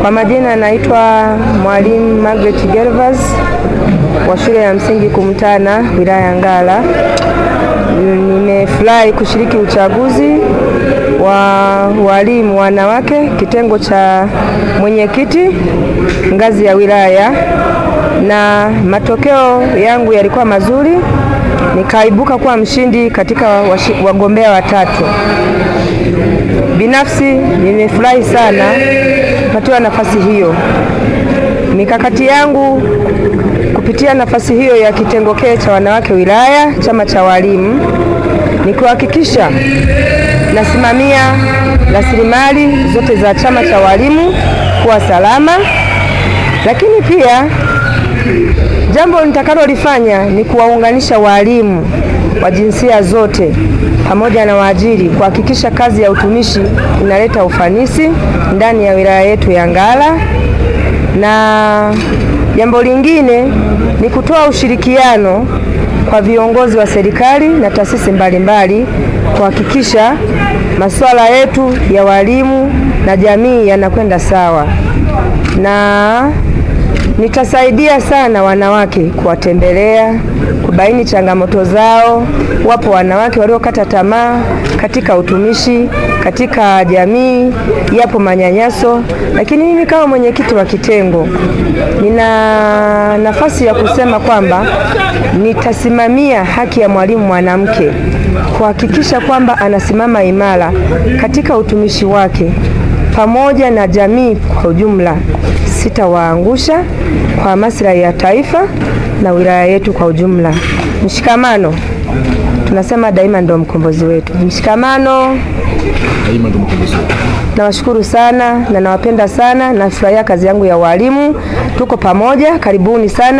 Kwa majina anaitwa Mwalimu Margaret Gervas wa shule ya msingi Kumtana, wilaya ya Ngara. Nimefurahi kushiriki uchaguzi wa walimu wanawake kitengo cha mwenyekiti ngazi ya wilaya, na matokeo yangu yalikuwa mazuri, nikaibuka kuwa mshindi katika wagombea watatu. Binafsi nimefurahi sana kupatiwa nafasi hiyo. Mikakati yangu kupitia nafasi hiyo ya kitengo cha wanawake wilaya, chama cha walimu, ni kuhakikisha nasimamia rasilimali zote za chama cha walimu kuwa salama, lakini pia jambo nitakalolifanya ni kuwaunganisha walimu wa jinsia zote pamoja na waajiri kuhakikisha kazi ya utumishi inaleta ufanisi ndani ya wilaya yetu ya Ngara, na jambo lingine ni kutoa ushirikiano kwa viongozi wa serikali na taasisi mbalimbali kuhakikisha masuala yetu ya walimu na jamii yanakwenda sawa na Nitasaidia sana wanawake kuwatembelea, kubaini changamoto zao. Wapo wanawake waliokata tamaa katika utumishi, katika jamii, yapo manyanyaso, lakini mimi kama mwenyekiti wa kitengo nina nafasi ya kusema kwamba nitasimamia haki ya mwalimu mwanamke kuhakikisha kwamba anasimama imara katika utumishi wake pamoja na jamii kwa ujumla. Sitawaangusha kwa maslahi ya taifa na wilaya yetu kwa ujumla. Mshikamano tunasema daima ndio mkombozi wetu. Mshikamano daima ndio mkombozi wetu. Nawashukuru sana na nawapenda sana, nafurahia kazi yangu ya walimu. Tuko pamoja, karibuni sana.